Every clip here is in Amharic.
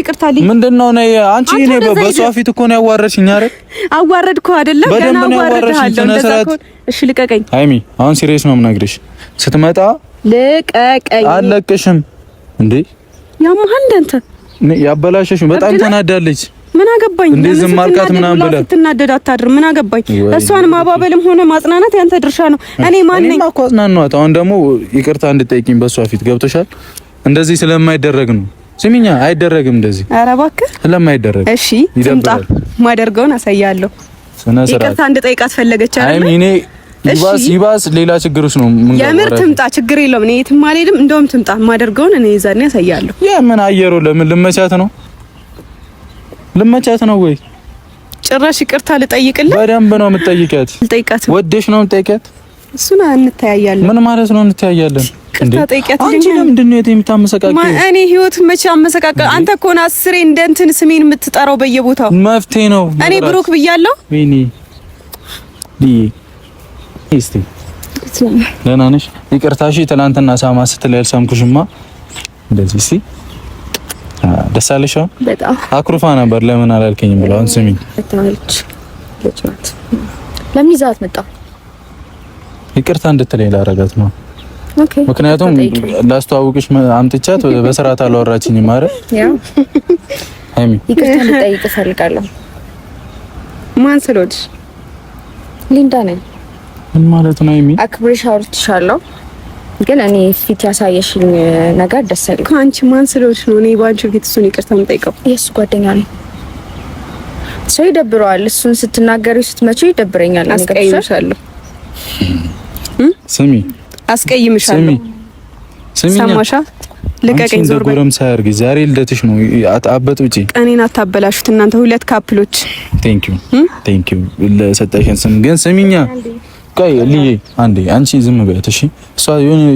ይቅርታ ልኝ ምንድን ነው ነይ አንቺ እኔ በሷ ፊት እኮ ነው ያዋረድሽኝ አረ አዋረድኩ አይደለም ገና አዋረድሃለሁ እሺ ልቀቀኝ ሀይሚ አሁን ሲሪየስ ነው የምነግርሽ ስትመጣ ልቀቀኝ አለቅሽም እንዴ ያማሃል እንዳንተ ያበላሸሽ በጣም ተናዳለች ምን አገባኝ እንዴ ዝም አልካት ምናምን ብለህ ስትናደድ አታድር ምን አገባኝ እሷን ማባበልም ሆነ ማጽናናት ያንተ ድርሻ ነው እኔ ማን ነኝ አሁን ደግሞ ይቅርታ እንድጠይቂኝ በሷ ፊት ገብቶሻል እንደዚህ ስለማይደረግ ነው ስሚኛ፣ አይደረግም እንደዚህ። ኧረ እባክህ ለማይደረግ እሺ፣ ትምጣ ማደርገውን አሳያለሁ። ይቅርታ እንድጠይቃት ፈለገች አይደል? አይ እኔ ይባስ ይባስ ሌላ ችግር ውስጥ ነው ምን የምር ትምጣ፣ ችግር የለውም። እኔ የትም አልሄድም። እንደውም ትምጣ፣ ማደርገውን እኔ ይዛኔ አሳያለሁ። የምን አየሩ ለምን ልመቻት ነው? ልመቻት ነው ወይ ጭራሽ ይቅርታ ልጠይቅልህ። በደንብ ነው የምትጠይቂያት። ልጠይቃት ወደሽ ነው የምትጠይቂያት እሱን እንተያያለን። ምን ማለት ነው እንተያያለን? አንቺ ለምንድን ነው የምታመሰቃቀው? እኔ ህይወት መቼ አመሰቃቀል? አንተ እኮ ነው አስሬ እንደ እንትን ስሜን የምትጠራው በየቦታው። መፍትሄ ነው እኔ ብሩክ ብያለሁ። ወይኔ እስቲ ደህና ነሽ? ይቅርታ እሺ። ትናንትና ሳማ ስትል ያልሳምኩሽማ እንደዚህ እስቲ ደስ አለሽ? በጣም አኩርፋ ነበር። ለምን አላልከኝም ብለው አሁን ስሚኝ ለምን ይዛት መጣ ይቅርታ እንድትለኝ ላረጋት ነው። ምክንያቱም ላስተዋውቅሽ አምጥቻት በስርዓት አላወራችኝም። ማረ ሀይሚ ይቅርታ ልጠይቅ እፈልጋለሁ። ማን ስለወድሽ? ሊንዳ ነኝ። ምን ማለት ነው ሀይሚ? አክብሬሽ አውርቼሻለሁ፣ ግን እኔ ፊት ያሳየሽኝ ነገር ደስ አይልም። ከአንቺ ማን ስለወድሽ ነው እኔ በአንቺ ፊት እሱን ይቅርታ የምጠይቀው? የእሱ ጓደኛ ነኝ። ሰው ይደብረዋል። እሱን ስትናገሪ ስትመጪው ይደብረኛል። አስቀይምሻለሁ ስሚ፣ አስቀይምሻለሁ። ስሚ፣ ሰማሻ? ልቀቀኝ። ዞር በይ። ጎረምሳ ያርግ። ዛሬ ልደትሽ ነው። አበጡጪ ቀኔን አታበላሹት እናንተ ሁለት ካፕሎች። ቴንክ ዩ ቴንክ ዩ ለሰጠሽን ስም ግን ስሚኛ ቆይ ልዬ አንዴ አንቺ ዝም በያት እሺ። እሷ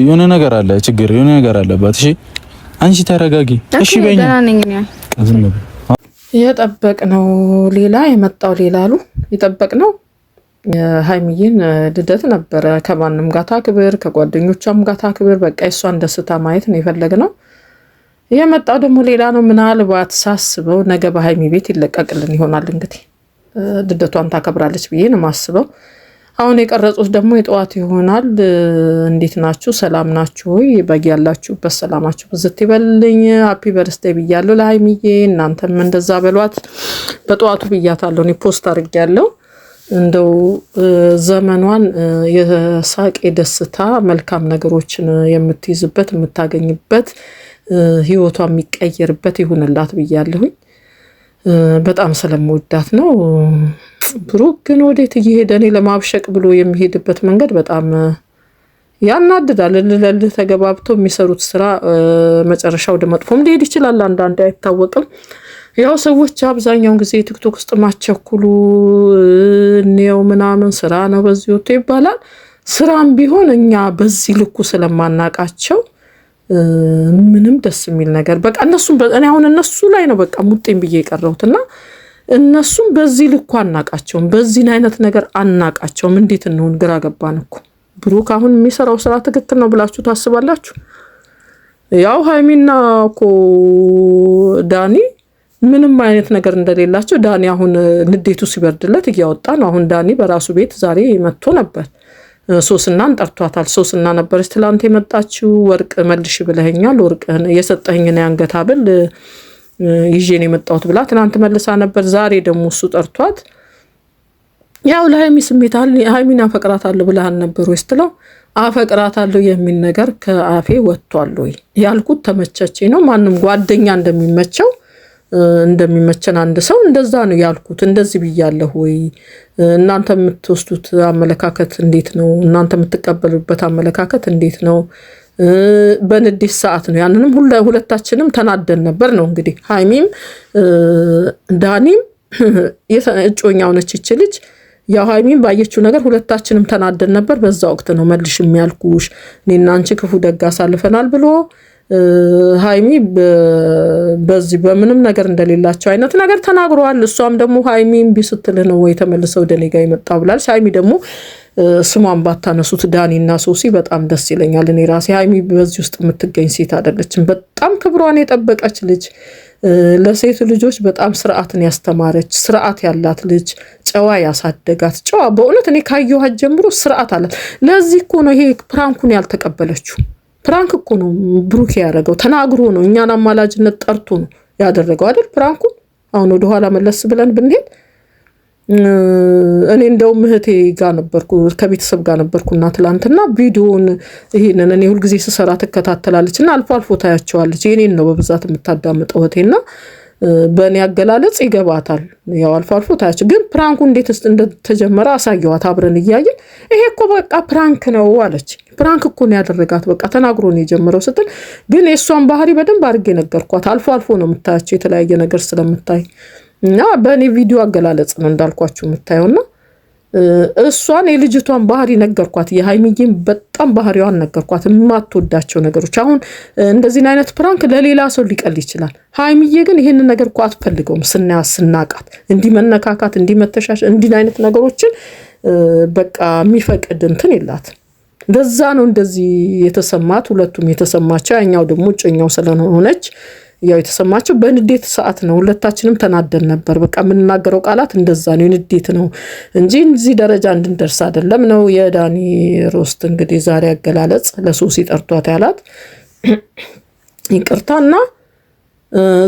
የሆነ ነገር አለ ችግር የሆነ ነገር አለባት እሺ። አንቺ ተረጋጊ እሺ። በእኛ ዝም በይ። የጠበቅነው ሌላ የመጣው ሌላ አሉ ነው የሀይሚዬን ልደት ነበረ። ከማንም ጋር ታክብር፣ ከጓደኞቿም ጋር ታክብር። በቃ የእሷን ደስታ ማየት ነው የፈለግነው። የመጣው ደግሞ ሌላ ነው። ምናልባት ሳስበው ነገ በሀይሚ ቤት ይለቀቅልን ይሆናል። እንግዲህ ልደቷን ታከብራለች ብዬ ነው ማስበው። አሁን የቀረጹት ደግሞ የጠዋት ይሆናል። እንዴት ናችሁ? ሰላም ናችሁ ወይ? በግ ያላችሁበት ሰላማችሁ ብዝት ይበልኝ። ሀፒ በርስቴ ብያለሁ ለሀይሚዬ። እናንተም እንደዛ በሏት። በጠዋቱ ብያታለሁ እኔ ፖስት አድርጌያለሁ። እንደው ዘመኗን የሳቅ የደስታ መልካም ነገሮችን የምትይዝበት የምታገኝበት ህይወቷ የሚቀየርበት ይሁንላት ብያለሁኝ። በጣም ስለምወዳት ነው። ብሩክ ግን ወዴት እየሄደ እኔ ለማብሸቅ ብሎ የሚሄድበት መንገድ በጣም ያናድዳል። እልለልህ ተገባብተው የሚሰሩት ስራ መጨረሻ ወደ መጥፎም ሊሄድ ይችላል። አንዳንድ አይታወቅም። ያው ሰዎች አብዛኛውን ጊዜ ቲክቶክ ውስጥ ማቸኩሉ እኔው ምናምን ስራ ነው በዚህ ወጥቶ ይባላል። ስራም ቢሆን እኛ በዚህ ልኩ ስለማናቃቸው ምንም ደስ የሚል ነገር በቃ እነሱም እኔ አሁን እነሱ ላይ ነው በቃ ሙጤን ብዬ የቀረሁት እና እነሱም በዚህ ልኩ አናቃቸውም፣ በዚህን አይነት ነገር አናቃቸውም። እንዴት እንሆን ግራ ገባን እኮ ብሩክ አሁን የሚሰራው ስራ ትክክል ነው ብላችሁ ታስባላችሁ? ያው ሀይሚና እኮ ዳኒ ምንም አይነት ነገር እንደሌላቸው ዳኒ አሁን ንዴቱ ሲበርድለት እያወጣ ነው። አሁን ዳኒ በራሱ ቤት ዛሬ መጥቶ ነበር። ሶስናን ጠርቷታል። ሶስና ነበረች ትላንት የመጣችው። ወርቅ መልሽ ብለኸኛል፣ ወርቅ የሰጠኝን የአንገት ሐብል ይዤን የመጣሁት ብላ ትናንት መልሳ ነበር። ዛሬ ደግሞ እሱ ጠርቷት ያው ለሀይሚ ስሜት ሀይሚን አፈቅራታለሁ ብለሃል ነበር ወይ ስትለው አፈቅራታለሁ የሚል ነገር ከአፌ ወጥቷል ወይ ያልኩት ተመቸቼ ነው። ማንም ጓደኛ እንደሚመቸው እንደሚመቸን አንድ ሰው እንደዛ ነው ያልኩት። እንደዚህ ብያለሁ ወይ? እናንተ የምትወስዱት አመለካከት እንዴት ነው? እናንተ የምትቀበሉበት አመለካከት እንዴት ነው? በንዴት ሰዓት ነው ያንንም ሁለታችንም ተናደን ነበር ነው እንግዲህ ሀይሚም ዳኒም እጮኛው ነች ይች ልጅ ያው ሀይሚን ባየችው ነገር ሁለታችንም ተናደን ነበር። በዛ ወቅት ነው መልሽ የሚያልኩሽ እኔና አንቺ ክፉ ደግ አሳልፈናል ብሎ ሀይሚ በዚህ በምንም ነገር እንደሌላቸው አይነት ነገር ተናግረዋል። እሷም ደግሞ ሀይሚ እምቢ ስትልህ ነው ወይ ተመልሰው ወደ እኔ ጋር የመጣ ብላለች። ሀይሚ ደግሞ ስሟን ባታነሱት ዳኒ እና ሶሲ በጣም ደስ ይለኛል። እኔ ራሴ ሀይሚ በዚህ ውስጥ የምትገኝ ሴት አይደለችም። በጣም ክብሯን የጠበቀች ልጅ፣ ለሴት ልጆች በጣም ስርዓትን ያስተማረች ስርዓት ያላት ልጅ፣ ጨዋ ያሳደጋት ጨዋ። በእውነት እኔ ካየኋት ጀምሮ ስርዓት አላት። ለዚህ እኮ ነው ይሄ ፕራንኩን ያልተቀበለችው። ፕራንክ እኮ ነው ብሩክ ያደረገው። ተናግሮ ነው እኛን አማላጅነት ጠርቶ ነው ያደረገው አይደል? ፕራንኩ አሁን ወደኋላ መለስ ብለን ብንሄድ እኔ እንደውም እህቴ ጋር ነበርኩ ከቤተሰብ ጋር ነበርኩና ትላንትና ቪዲዮን ይሄንን እኔ ሁልጊዜ ስሰራ ትከታተላለች እና አልፎ አልፎ ታያቸዋለች። የኔን ነው በብዛት የምታዳምጠው እህቴና በእኔ አገላለጽ ይገባታል። ያው አልፎ አልፎ ታያቸው። ግን ፕራንኩ እንዴት እንደተጀመረ አሳየዋት፣ አብረን እያየን ይሄ እኮ በቃ ፕራንክ ነው አለች። ፕራንክ እኮ ነው ያደረጋት፣ በቃ ተናግሮ ነው የጀመረው ስትል፣ ግን የእሷን ባህሪ በደንብ አድርጌ ነገርኳት። አልፎ አልፎ ነው የምታያቸው የተለያየ ነገር ስለምታይ እና በእኔ ቪዲዮ አገላለጽ ነው እንዳልኳችሁ የምታየውና እሷን የልጅቷን ባህሪ ነገርኳት። የሀይሚዬን በጣም ባህሪዋን ነገርኳት፣ የማትወዳቸው ነገሮች። አሁን እንደዚህን አይነት ፕራንክ ለሌላ ሰው ሊቀል ይችላል። ሀይሚዬ ግን ይህንን ነገር እኮ አትፈልገውም። ስናያ ስናቃት፣ እንዲህ መነካካት፣ እንዲህ መተሻሽ፣ አይነት ነገሮችን በቃ የሚፈቅድ እንትን የላት። ለዛ ነው እንደዚህ የተሰማት ሁለቱም የተሰማቸው ያኛው ደግሞ ጭኛው ስለሆነች ያው የተሰማቸው በንዴት ሰዓት ነው። ሁለታችንም ተናደን ነበር። በቃ የምንናገረው ቃላት እንደዛ ነው፣ የንዴት ነው እንጂ እዚህ ደረጃ እንድንደርስ አይደለም ነው የዳኒ ሮስት እንግዲህ ዛሬ አገላለጽ ለሶሲ ጠርቷት ያላት ይቅርታና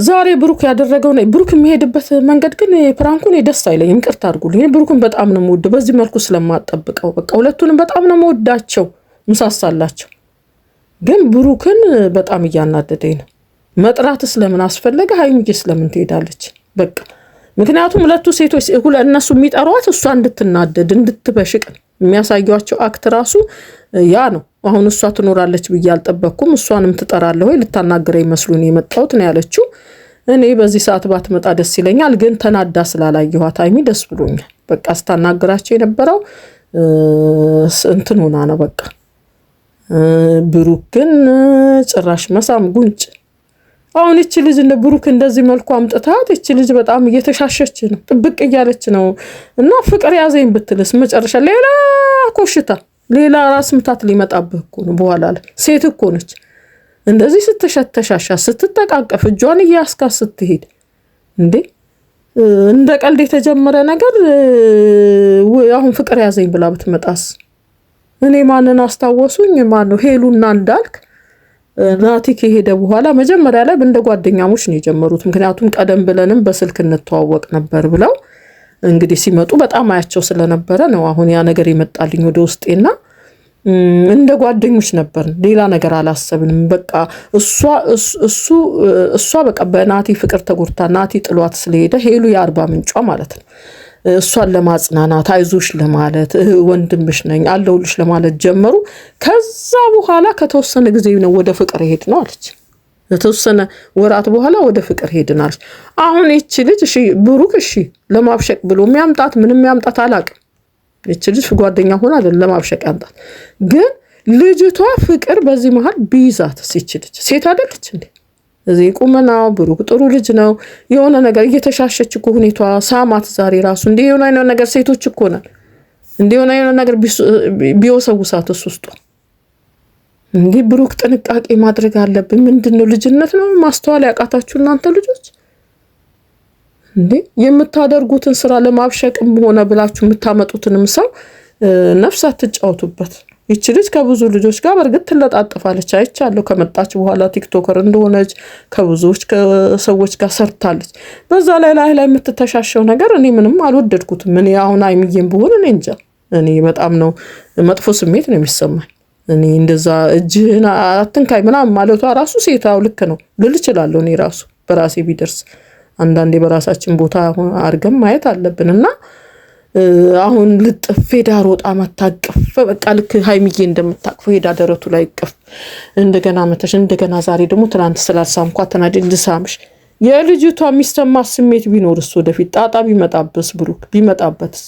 ዛሬ ብሩክ ያደረገው ብሩክ የሚሄድበት መንገድ ግን ፕራንኩን ደስ አይለኝም። ይቅርታ አድርጉልኝ። ብሩክን በጣም ነው የምወደው በዚህ መልኩ ስለማጠብቀው፣ በቃ ሁለቱንም በጣም ነው የምወዳቸው፣ ምሳሳላቸው። ግን ብሩክን በጣም እያናደደኝ ነው። መጥራት ስለምን አስፈለገ? ሀይሚዬ ስለምን ትሄዳለች? በቃ ምክንያቱም ሁለቱ ሴቶች እነሱ የሚጠሯት እሷ እንድትናደድ እንድትበሽቅ የሚያሳዩቸው አክት ራሱ ያ ነው። አሁን እሷ ትኖራለች ብዬ አልጠበቅኩም። እሷንም ትጠራለሁ ወይ ልታናገረ ይመስሉን የመጣሁት ነው ያለችው። እኔ በዚህ ሰዓት ባትመጣ ደስ ይለኛል፣ ግን ተናዳ ስላላየኋት ሀይሚ ደስ ብሎኛል። በቃ ስታናገራቸው የነበረው እንትን ሆና ነው። በቃ ብሩክ ግን ጭራሽ መሳም ጉንጭ አሁን እቺ ልጅ እንደ ብሩክ እንደዚህ መልኩ አምጥታት እቺ ልጅ በጣም እየተሻሸች ነው፣ ጥብቅ እያለች ነው። እና ፍቅር ያዘኝ ብትልስ መጨረሻ ሌላ ኮሽታ፣ ሌላ ራስ ምታት ሊመጣብህ እኮ ነው። በኋላ ላይ ሴት እኮ ነች እንደዚህ ስትሸተሻሻ ስትጠቃቀፍ እጇን እያስካ ስትሄድ እንዴ እንደ ቀልድ የተጀመረ ነገር አሁን ፍቅር ያዘኝ ብላ ብትመጣስ? እኔ ማንን አስታወሱኝ? ማን ነው ሄሉና እንዳልክ ናቲ ከሄደ በኋላ መጀመሪያ ላይ እንደ ጓደኛሞች ነው የጀመሩት። ምክንያቱም ቀደም ብለንም በስልክ እንተዋወቅ ነበር ብለው እንግዲህ ሲመጡ በጣም አያቸው ስለነበረ ነው አሁን ያ ነገር የመጣልኝ ወደ ውስጤና እንደ ጓደኞች ነበር። ሌላ ነገር አላሰብንም። በቃ እሷ በቃ በናቲ ፍቅር ተጎድታ ናቲ ጥሏት ስለሄደ ሄሉ የአርባ ምንጯ ማለት ነው እሷን ለማጽናናት አይዞሽ ለማለት ወንድምሽ ነኝ አለሁልሽ ለማለት ጀመሩ። ከዛ በኋላ ከተወሰነ ጊዜ ነው ወደ ፍቅር ሄድ ነው አለች። ከተወሰነ ወራት በኋላ ወደ ፍቅር ሄድን አለች። አሁን ይቺ ልጅ እሺ ብሩክ እሺ ለማብሸቅ ብሎ የሚያምጣት ምንም የሚያምጣት አላቅም። ይቺ ልጅ ጓደኛ ሆና አይደለም ለማብሸቅ ያምጣት። ግን ልጅቷ ፍቅር በዚህ መሀል ቢይዛት ይቺ ልጅ ሴት አደለች እንዴ? እዚህ ቁመናው ብሩክ ጥሩ ልጅ ነው። የሆነ ነገር እየተሻሸች እኮ ሁኔታዋ ሳማት። ዛሬ ራሱ እንዲህ የሆነ አይነት ነገር ሴቶች እኮ ነን። እንዲህ የሆነ አይነት ነገር ቢወሰውሳት እሱ ውስጡ እንዲህ ብሩክ ጥንቃቄ ማድረግ አለብን። ምንድን ነው ልጅነት ነው ማስተዋል ያቃታችሁ እናንተ ልጆች እንዴ የምታደርጉትን ስራ ለማብሸቅም ሆነ ብላችሁ የምታመጡትንም ሰው ነፍስ አትጫወቱበት። ይቺ ልጅ ከብዙ ልጆች ጋር በእርግጥ ትለጣጥፋለች አይቻለሁ። ከመጣች በኋላ ቲክቶከር እንደሆነች ከብዙዎች ሰዎች ጋር ሰርታለች። በዛ ላይ ላይ ላይ የምትተሻሸው ነገር እኔ ምንም አልወደድኩትም። እኔ አሁን አይምዬም ብሆን እኔ እንጃ፣ እኔ በጣም ነው መጥፎ ስሜት ነው የሚሰማኝ። እኔ እንደዛ እጅህን አትንካይ ምናምን ማለቷ ራሱ ሴታው ልክ ነው ልል እችላለሁ። እኔ ራሱ በራሴ ቢደርስ አንዳንዴ በራሳችን ቦታ አድርገን ማየት አለብን እና አሁን ልጥፍ ሄዳ ሮጣ መታቀፍ በቃ ልክ ሀይሚዬ እንደምታቅፈው ሄዳ ደረቱ ላይ ቅፍ እንደገና መተሽ እንደገና ዛሬ ደግሞ ትናንት ስላልሳምኳ ተናደ ልሳምሽ። የልጅቷ የሚሰማት ስሜት ቢኖርስ ወደፊት ጣጣ ቢመጣበስ ብሩክ ቢመጣበትስ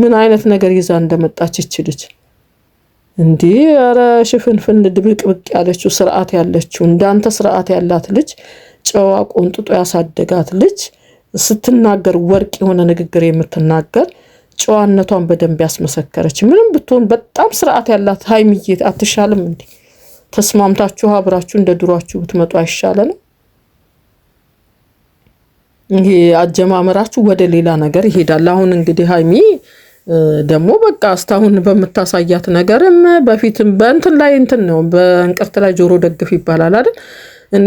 ምን አይነት ነገር ይዛ እንደመጣች ይችልች እንዴ? ኧረ ሽፍንፍን ድብቅ ብቅ ያለችው ስርዓት ያለችው እንዳንተ ስርዓት ያላት ልጅ ጨዋ ቆንጥጦ ያሳደጋት ልጅ ስትናገር ወርቅ የሆነ ንግግር የምትናገር ጨዋነቷን በደንብ ያስመሰከረች ምንም ብትሆን በጣም ስርዓት ያላት ሀይሚዬ አትሻልም እንዴ? ተስማምታችሁ አብራችሁ እንደ ድሯችሁ ብትመጡ አይሻለንም? ይሄ አጀማመራችሁ ወደ ሌላ ነገር ይሄዳል። አሁን እንግዲህ ሀይሚ ደግሞ በቃ እስካሁን በምታሳያት ነገርም በፊትም በእንትን ላይ እንትን ነው በእንቅርት ላይ ጆሮ ደግፍ ይባላል አይደል?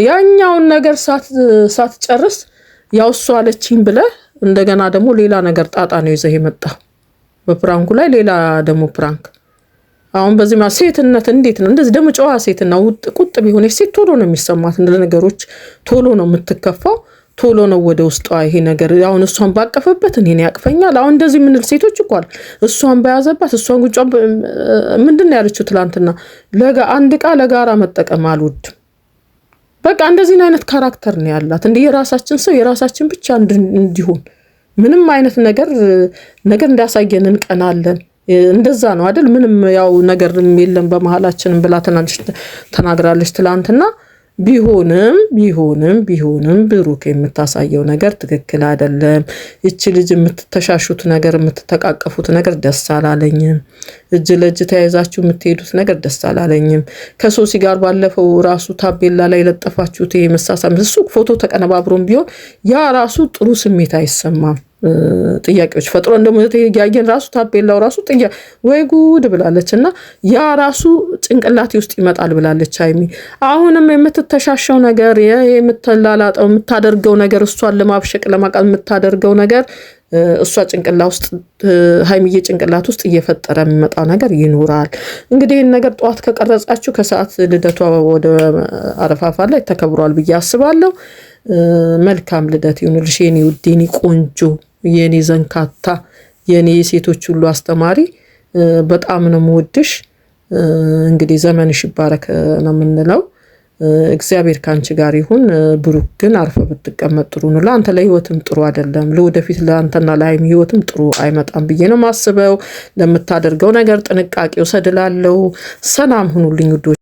ያኛውን ነገር ሳትጨርስ ያው እሱ አለችኝ ብለህ እንደገና ደግሞ ሌላ ነገር ጣጣ ነው ይዘህ የመጣ በፕራንኩ ላይ ሌላ ደግሞ ፕራንክ። አሁን በዚህ ማ ሴትነት እንዴት ነው እንደዚህ ደግሞ ጨዋ ሴትና ቁጥብ የሆነች ሴት ቶሎ ነው የሚሰማት እንደ ነገሮች ቶሎ ነው የምትከፋው፣ ቶሎ ነው ወደ ውስጧ ይሄ ነገር። አሁን እሷን ባቀፈበት እኔን ያቅፈኛል። አሁን እንደዚህ የምንል ሴቶች እኳል እሷን በያዘባት እሷን ጉጫ ምንድን ነው ያለችው ትላንትና? ለጋ አንድ ዕቃ ለጋራ መጠቀም አልወድም በቃ እንደዚህን አይነት ካራክተር ነው ያላት። እንደ የራሳችን ሰው የራሳችን ብቻ እንዲሆን ምንም አይነት ነገር ነገር እንዳያሳየን እንቀናለን። እንደዛ ነው አይደል? ምንም ያው ነገር የለም በመሀላችንም ብላ ተናግራለች ትላንትና። ቢሆንም ቢሆንም ቢሆንም ብሩክ የምታሳየው ነገር ትክክል አይደለም። ይቺ ልጅ የምትተሻሹት ነገር የምትተቃቀፉት ነገር ደስ አላለኝም። እጅ ለእጅ ተያይዛችሁ የምትሄዱት ነገር ደስ አላለኝም። ከሶሲ ጋር ባለፈው ራሱ ታቤላ ላይ ለጠፋችሁት ይሄ መሳሳም እሱ ፎቶ ተቀነባብሮም ቢሆን ያ ራሱ ጥሩ ስሜት አይሰማም። ጥያቄዎች ፈጥሮ እንደሞ ያየን ራሱ ታፔላው ራሱ ጥያ ወይ ጉድ ብላለች እና ያ ራሱ ጭንቅላቴ ውስጥ ይመጣል ብላለች ሀይሚ። አሁንም የምትተሻሸው ነገር የምትላላጠው የምታደርገው ነገር እሷን ለማብሸቅ ለማቃል የምታደርገው ነገር እሷ ጭንቅላ ውስጥ ሀይሚዬ ጭንቅላት ውስጥ እየፈጠረ የሚመጣው ነገር ይኖራል። እንግዲህ ይህን ነገር ጠዋት ከቀረጻችሁ ከሰዓት ልደቷ ወደ አረፋፋ ላይ ተከብሯል ብዬ አስባለሁ። መልካም ልደት ይሁንልሽ የኔ ውድ የኔ ቆንጆ የኔ ዘንካታ የኔ የሴቶች ሁሉ አስተማሪ በጣም ነው የምወድሽ። እንግዲህ ዘመንሽ ይባረክ ነው የምንለው። እግዚአብሔር ከአንቺ ጋር ይሁን። ብሩክ ግን አርፈ ብትቀመጥ ጥሩ ነው። ለአንተ ለህይወትም ጥሩ አይደለም። ለወደፊት ለአንተና ለሀይሚ ህይወትም ጥሩ አይመጣም ብዬ ነው ማስበው። ለምታደርገው ነገር ጥንቃቄ ውሰድላለው። ሰላም ሁኑልኝ ውዶች።